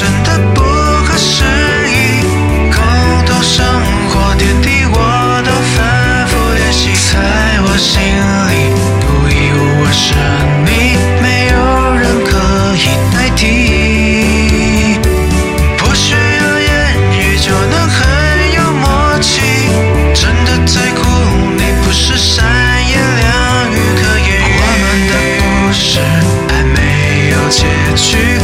真的不可思議，共同生活點滴我都反覆溫習，在我心裡獨一無二是你，沒有人可以代替。不需要言語就能很有默契，真的在乎你不是三言兩語可言喻。我們的故事還沒有結局。